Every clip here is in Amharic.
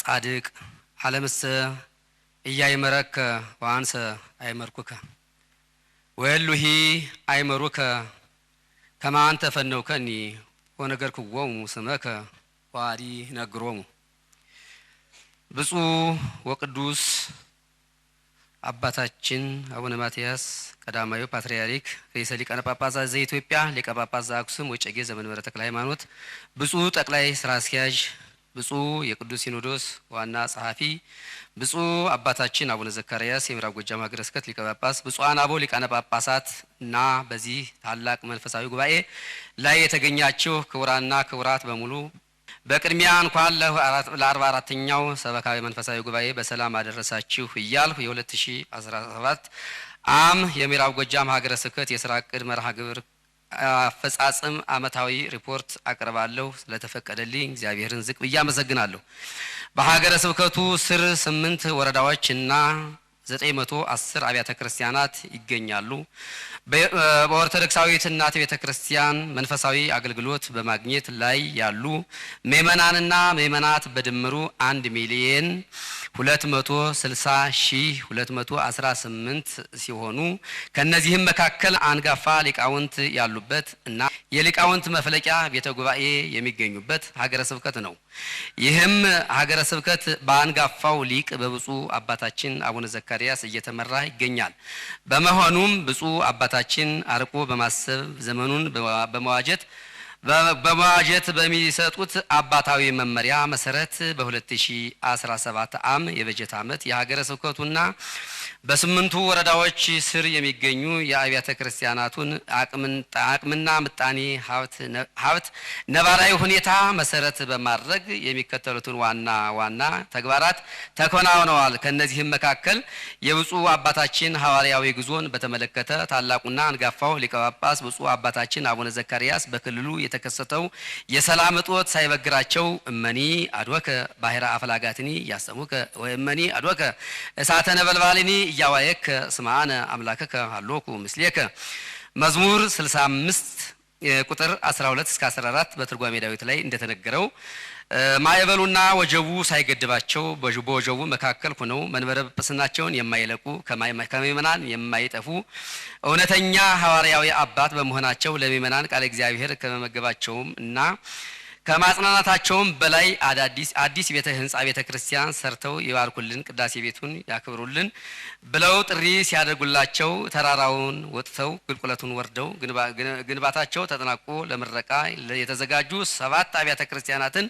ጻድቅ አለምሰ እያይመረከ ወአንሰ አይመርኩከ ወእሉሂ አይመሩከ ከማን ተፈነውከኒ ወነገርክዎሙ ስመከ ዋዲ ነግሮሙ። ብፁዕ ወቅዱስ አባታችን አቡነ ማትያስ ቀዳማዊ ፓትርያርክ ርዕሰ ሊቃነ ጳጳሳት ዘኢትዮጵያ ሊቀ ጳጳስ ዘአክሱም ወጨጌ ዘመንበረ ተክለ ሃይማኖት፣ ብፁዕ ጠቅላይ ስራ አስኪያጅ ብፁዕ የቅዱስ ሲኖዶስ ዋና ጸሐፊ፣ ብፁዕ አባታችን አቡነ ዘካርያስ የምዕራብ ጎጃም ሀገረ ስብከት ሊቀ ጳጳስ፣ ብፁዓን አበው ሊቃነ ጳጳሳት እና በዚህ ታላቅ መንፈሳዊ ጉባኤ ላይ የተገኛችሁ ክቡራና ክቡራት በሙሉ በቅድሚያ እንኳን ለአርባ አራተኛው ሰበካዊ መንፈሳዊ ጉባኤ በሰላም አደረሳችሁ እያልሁ የ2017 አም የምዕራብ ጎጃም ሀገረ ስብከት የስራ ዕቅድ መርሃ ግብር አፈጻጽም አመታዊ ሪፖርት አቀርባለሁ። ስለተፈቀደልኝ እግዚአብሔርን ዝቅ ብዬ አመሰግናለሁ። በሀገረ ስብከቱ ስር ስምንት ወረዳዎች እና ዘጠኝ መቶ አስር አብያተ ክርስቲያናት ይገኛሉ። በኦርቶዶክሳዊት እናት ቤተ ክርስቲያን መንፈሳዊ አገልግሎት በማግኘት ላይ ያሉ ምእመናንና ምእመናት በድምሩ አንድ ሚሊየን 260218 ሲሆኑ ከነዚህም መካከል አንጋፋ ሊቃውንት ያሉበት እና የሊቃውንት መፍለቂያ ቤተ ጉባኤ የሚገኙበት ሀገረ ስብከት ነው። ይህም ሀገረ ስብከት በአንጋፋው ሊቅ በብፁዕ አባታችን አቡነ ዘካርያስ እየተመራ ይገኛል። በመሆኑም ብፁዕ አባታችን አርቆ በማሰብ ዘመኑን በመዋጀት በመዋጀት በሚሰጡት አባታዊ መመሪያ መሰረት በ2017 ዓ.ም የበጀት ዓመት የሀገረ ስብከቱና በስምንቱ ወረዳዎች ስር የሚገኙ የአብያተ ክርስቲያናቱን አቅምና ምጣኔ ሀብት ነባራዊ ሁኔታ መሰረት በማድረግ የሚከተሉትን ዋና ዋና ተግባራት ተከናውነዋል። ከእነዚህም መካከል የብፁዕ አባታችን ሐዋርያዊ ጉዞን በተመለከተ ታላቁና አንጋፋው ሊቀ ጳጳስ ብፁዕ አባታችን አቡነ ዘካርያስ በክልሉ የተከሰተው የሰላም እጦት ሳይበግራቸው እመኒ አድወከ ባሕረ አፍላጋትኒ እያሰሙከ ወእመኒ አድወከ እሳተ ነበልባልኒ እያዋየከ ስማነ አምላከከ አሎኩ ምስሌከ መዝሙር 65 ቁጥር 12 እስከ 14 በትርጓሜ ዳዊት ላይ እንደተነገረው ማዕበሉና ወጀቡ ሳይገድባቸው በወጀቡ መካከል ሆነው መንበረ ጵጵስናቸውን የማይለቁ ከምዕመናን የማይጠፉ እውነተኛ ሐዋርያዊ አባት በመሆናቸው ለምዕመናን ቃለ እግዚአብሔር ከመመገባቸውም እና ከማጽናናታቸውም በላይ አዳዲስ አዲስ ቤተ ህንጻ ቤተ ክርስቲያን ሰርተው ይባርኩልን፣ ቅዳሴ ቤቱን ያክብሩልን ብለው ጥሪ ሲያደርጉላቸው ተራራውን ወጥተው ግልቁለቱን ወርደው ግንባታቸው ተጠናቆ ለምረቃ የተዘጋጁ ሰባት አብያተ ክርስቲያናትን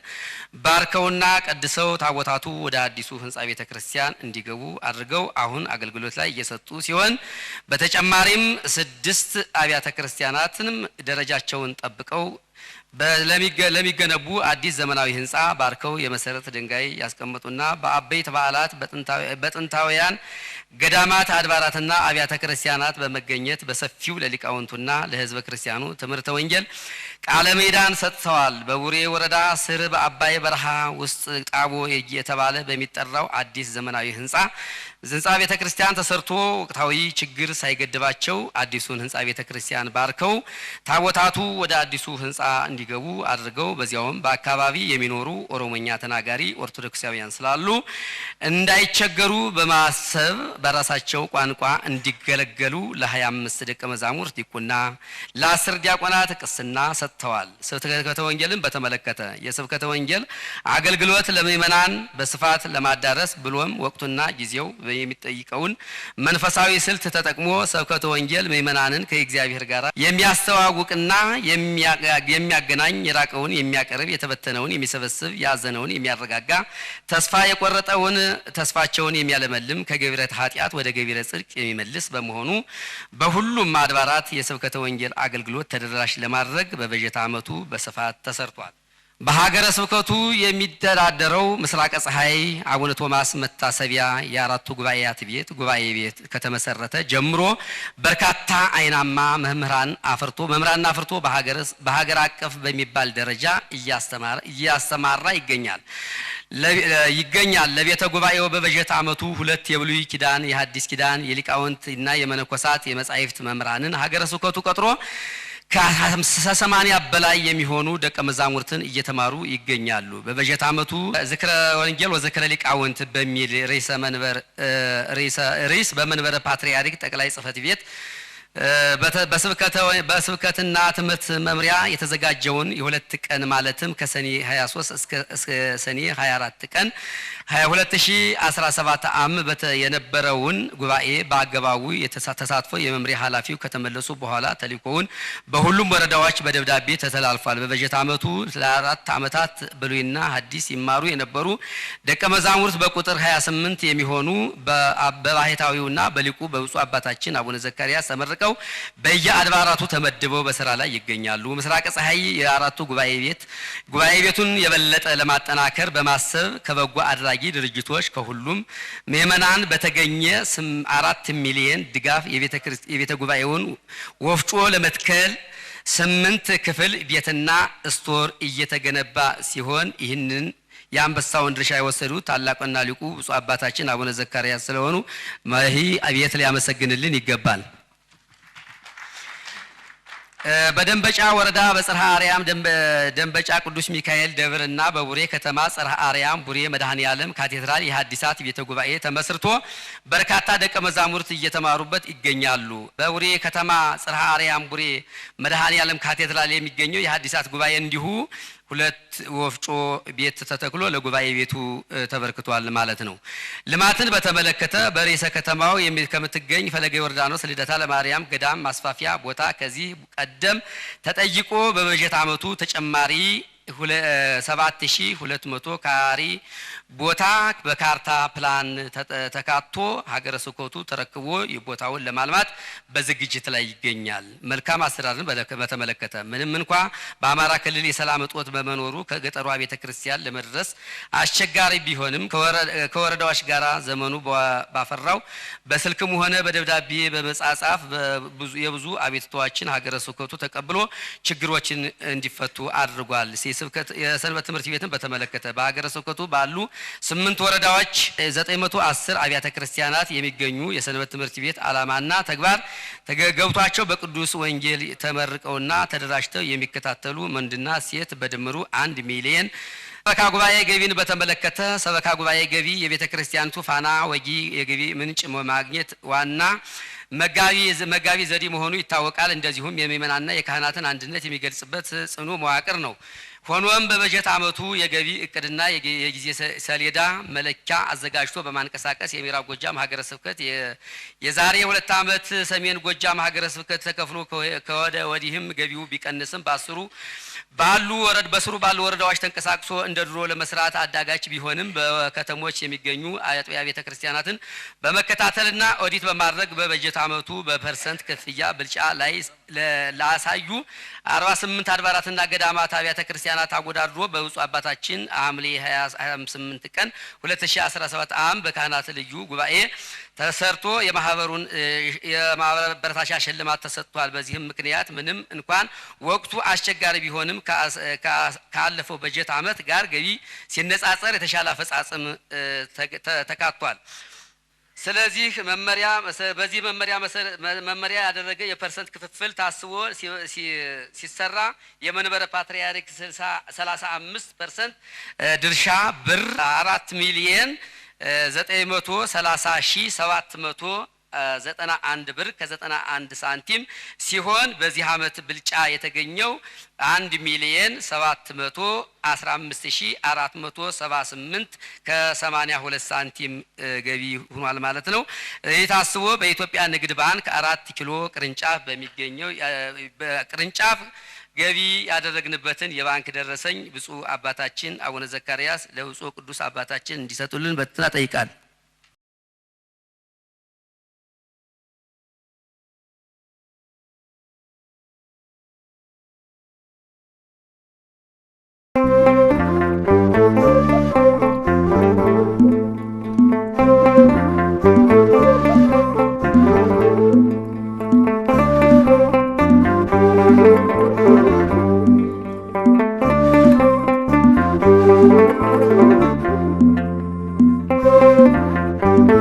ባርከውና ቀድሰው ታቦታቱ ወደ አዲሱ ህንጻ ቤተ ክርስቲያን እንዲገቡ አድርገው አሁን አገልግሎት ላይ እየሰጡ ሲሆን በተጨማሪም ስድስት አብያተ ክርስቲያናትንም ደረጃቸውን ጠብቀው ለሚገነቡ አዲስ ዘመናዊ ህንፃ ባርከው የመሰረት ድንጋይ ያስቀምጡና በአበይት በዓላት በጥንታውያን ገዳማት አድባራትና አብያተ ክርስቲያናት በመገኘት በሰፊው ለሊቃውንቱና ለህዝበ ክርስቲያኑ ትምህርተ ወንጌል ቃለ ሜዳን ሰጥተዋል። በቡሬ ወረዳ ስር በአባይ በረሃ ውስጥ ጣቦ የተባለ በሚጠራው አዲስ ዘመናዊ ህንፃ ህንፃ ቤተ ክርስቲያን ተሰርቶ ወቅታዊ ችግር ሳይገድባቸው አዲሱን ህንፃ ቤተ ክርስቲያን ባርከው ታቦታቱ ወደ አዲሱ ህንፃ እንዲገቡ አድርገው በዚያውም በአካባቢ የሚኖሩ ኦሮሞኛ ተናጋሪ ኦርቶዶክሳውያን ስላሉ እንዳይቸገሩ በማሰብ በራሳቸው ቋንቋ እንዲገለገሉ ለ25 ደቀ መዛሙርት ዲቁና፣ ለ10 ዲያቆናት ቅስና ሰጥተዋል። ስብከተ ወንጌልን በተመለከተ የስብከተ ወንጌል አገልግሎት ለምእመናን በስፋት ለማዳረስ ብሎም ወቅቱና ጊዜው የሚጠይቀውን መንፈሳዊ ስልት ተጠቅሞ ሰብከተ ወንጌል ምእመናንን ከእግዚአብሔር ጋር የሚያስተዋውቅና የሚያገናኝ የራቀውን የሚያቀርብ የተበተነውን የሚሰበስብ ያዘነውን የሚያረጋጋ ተስፋ የቆረጠውን ተስፋቸውን የሚያለመልም ከገቢረ ኃጢአት ወደ ገቢረ ጽድቅ የሚመልስ በመሆኑ በሁሉም አድባራት የስብከተ ወንጌል አገልግሎት ተደራሽ ለማድረግ በበጀት ዓመቱ በስፋት ተሰርቷል። በሀገረ ስብከቱ የሚደራደረው ምስራቀ ፀሐይ አቡነ ቶማስ መታሰቢያ የአራቱ ጉባኤያት ቤት ጉባኤ ቤት ከተመሰረተ ጀምሮ በርካታ አይናማ መምህራን አፍርቶ መምህራን አፍርቶ በሀገር አቀፍ በሚባል ደረጃ እያስተማራ ይገኛል ይገኛል። ለቤተ ጉባኤው በበጀት ዓመቱ ሁለት የብሉይ ኪዳን የሐዲስ ኪዳን የሊቃውንት እና የመነኮሳት የመጻሕፍት መምህራንን ሀገረ ስብከቱ ቀጥሮ ከሰማንያ በላይ የሚሆኑ ደቀ መዛሙርትን እየተማሩ ይገኛሉ። በበጀት ዓመቱ ዝክረ ወንጌል ወዝክረ ሊቃውንት በሚል ርዕስ በመንበረ ፓትርያርክ ጠቅላይ ጽሕፈት ቤት በስብከትና ትምህርት መምሪያ የተዘጋጀውን የሁለት ቀን ማለትም ከሰኔ 23 እስከ ሰኔ 24 ቀን 2017 ዓ.ም የነበረውን ጉባኤ በአገባቡ ተሳትፎ የመምሪያ ኃላፊው ከተመለሱ በኋላ ተልእኮውን በሁሉም ወረዳዎች በደብዳቤ ተተላልፏል። በበጀት ዓመቱ ለአራት ዓመታት ብሉይና ሐዲስ ይማሩ የነበሩ ደቀ መዛሙርት በቁጥር 28 የሚሆኑ በባህታዊውና በሊቁ በብፁዕ አባታችን አቡነ ዘካርያስ ተመረቀ ተጠብቀው በየአድባራቱ ተመድበው በስራ ላይ ይገኛሉ። ምስራቅ ፀሐይ የአራቱ ጉባኤ ቤት ጉባኤ ቤቱን የበለጠ ለማጠናከር በማሰብ ከበጎ አድራጊ ድርጅቶች ከሁሉም ምእመናን በተገኘ አራት ሚሊየን ድጋፍ የቤተ ጉባኤውን ወፍጮ ለመትከል ስምንት ክፍል ቤትና ስቶር እየተገነባ ሲሆን ይህንን የአንበሳውን ድርሻ የወሰዱት ታላቅና ሊቁ ብፁዕ አባታችን አቡነ ዘካርያስ ስለሆኑ መሂ ቤት ሊያመሰግንልን ይገባል። በደንበጫ ወረዳ በጽርሐ አርያም ደንበጫ ቅዱስ ሚካኤል ደብር እና በቡሬ ከተማ ጽርሐ አርያም ቡሬ መድኃኔ ዓለም ካቴድራል የሐዲሳት ቤተ ጉባኤ ተመስርቶ በርካታ ደቀ መዛሙርት እየተማሩበት ይገኛሉ። በቡሬ ከተማ ጽርሐ አርያም ቡሬ መድኃኔ ዓለም ካቴድራል የሚገኘው የሐዲሳት ጉባኤ እንዲሁ ሁለት ወፍጮ ቤት ተተክሎ ለጉባኤ ቤቱ ተበርክቷል ማለት ነው። ልማትን በተመለከተ በርዕሰ ከተማው ከምትገኝ ፈለገ ዮርዳኖስ ልደታ ለማርያም ገዳም ማስፋፊያ ቦታ ከዚህ ቀደም ተጠይቆ በበጀት ዓመቱ ተጨማሪ 7200 ካሪ ቦታ በካርታ ፕላን ተካቶ ሀገረ ስብከቱ ተረክቦ ቦታውን ለማልማት በዝግጅት ላይ ይገኛል። መልካም አስተዳደርን በተመለከተ ምንም እንኳ በአማራ ክልል የሰላም እጦት በመኖሩ ከገጠሯ ቤተ ክርስቲያን ለመድረስ አስቸጋሪ ቢሆንም ከወረዳዎች ጋር ዘመኑ ባፈራው በስልክም ሆነ በደብዳቤ በመጻጻፍ የብዙ አቤትታዎችን ሀገረ ስብከቱ ተቀብሎ ችግሮችን እንዲፈቱ አድርጓል። የሰንበት ትምህርት ቤትን በተመለከተ በሀገረ ስብከቱ ባሉ ስምንት ወረዳዎች አስር አብያተ ክርስቲያናት የሚገኙ የሰንበት ትምህርት ቤት ዓላማና ተግባር ገብቷቸው በቅዱስ ወንጌል ተመርቀውና ተደራጅተው የሚከታተሉ ወንድና ሴት በድምሩ አንድ ሚሊየን ሰበካ ጉባኤ ገቢን በተመለከተ ሰበካ ጉባኤ ገቢ የቤተ ክርስቲያን ፋና ወጊ የገቢ ምንጭ ማግኘት ዋና መጋቢ ዘዴ መሆኑ ይታወቃል። እንደዚሁም የምእመናንና የካህናትን አንድነት የሚገልጽበት ጽኑ መዋቅር ነው። ሆኖም በበጀት ዓመቱ የገቢ እቅድና የጊዜ ሰሌዳ መለኪያ አዘጋጅቶ በማንቀሳቀስ የምዕራብ ጎጃም ሀገረ ስብከት የዛሬ ሁለት ዓመት ሰሜን ጎጃም ሀገረ ስብከት ተከፍሎ ከወደ ወዲህም ገቢው ቢቀንስም በአስሩ ባሉ ወረድ በስሩ ባሉ ወረዳዎች ተንቀሳቅሶ እንደ ድሮ ለመስራት አዳጋች ቢሆንም በከተሞች የሚገኙ አጥቢያ ቤተ ክርስቲያናትን በመከታተልና ኦዲት በማድረግ በበጀት አመቱ በፐርሰንት ክፍያ ብልጫ ላይ ላሳዩ አርባ ስምንት አድባራትና ገዳማት አብያተ ክርስቲያናት አጎዳድሮ በብፁዕ አባታችን ሐምሌ 28 ቀን 2017 አም በካህናት ልዩ ጉባኤ ተሰርቶ የማህበሩን የማህበረ በረታሻ ሽልማት ተሰጥቷል። በዚህም ምክንያት ምንም እንኳን ወቅቱ አስቸጋሪ ቢሆንም ካለፈው በጀት ዓመት ጋር ገቢ ሲነጻጸር የተሻለ አፈጻጽም ተካቷል። ስለዚህ መመሪያ በዚህ መመሪያ መመሪያ ያደረገ የፐርሰንት ክፍፍል ታስቦ ሲሰራ የመንበረ ፓትርያርክ 35 ፐርሰንት ድርሻ ብር 4 ሚሊየን ሺ ሰባት መቶ አንድ ብር ከዘጠና አንድ ሳንቲም ሲሆን በዚህ ዓመት ብልጫ የተገኘው አንድ ሚሊየን ስምንት ከሰማኒያ ሁለት ሳንቲም ገቢ ሆኗል ማለት ነው። ይህ ታስቦ በኢትዮጵያ ንግድ ባንክ አራት ኪሎ ቅርንጫፍ በሚገኘው በቅርንጫፍ ገቢ ያደረግንበትን የባንክ ደረሰኝ ብፁዕ አባታችን አቡነ ዘካርያስ ለብፁዕ ቅዱስ አባታችን እንዲሰጡልን በትና ጠይቃል።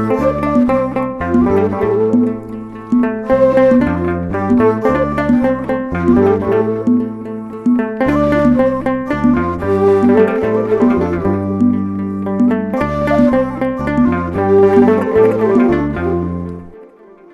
Thank you.